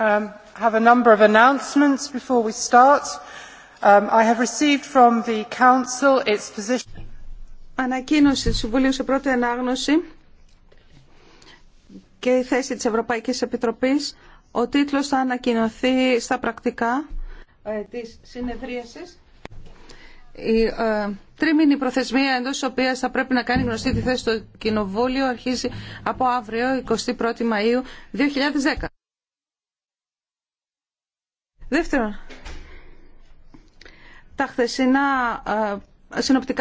I um, have a number of announcements before we start. Um, I have received from the Council its position. Ανακοίνωση Συμβουλίου σε πρώτη ανάγνωση και η θέση της Ευρωπαϊκής Επιτροπής. Ο τίτλος θα ανακοινωθεί στα πρακτικά ε, της συνεδρίασης. Η ε, τρίμηνη προθεσμία εντός της οποίας θα πρέπει να κάνει γνωστή τη θέση στο Κοινοβούλιο αρχίζει από αύριο 21 Μαΐου 2010. Δεύτερον, τα χθεσινά ε, συνοπτικά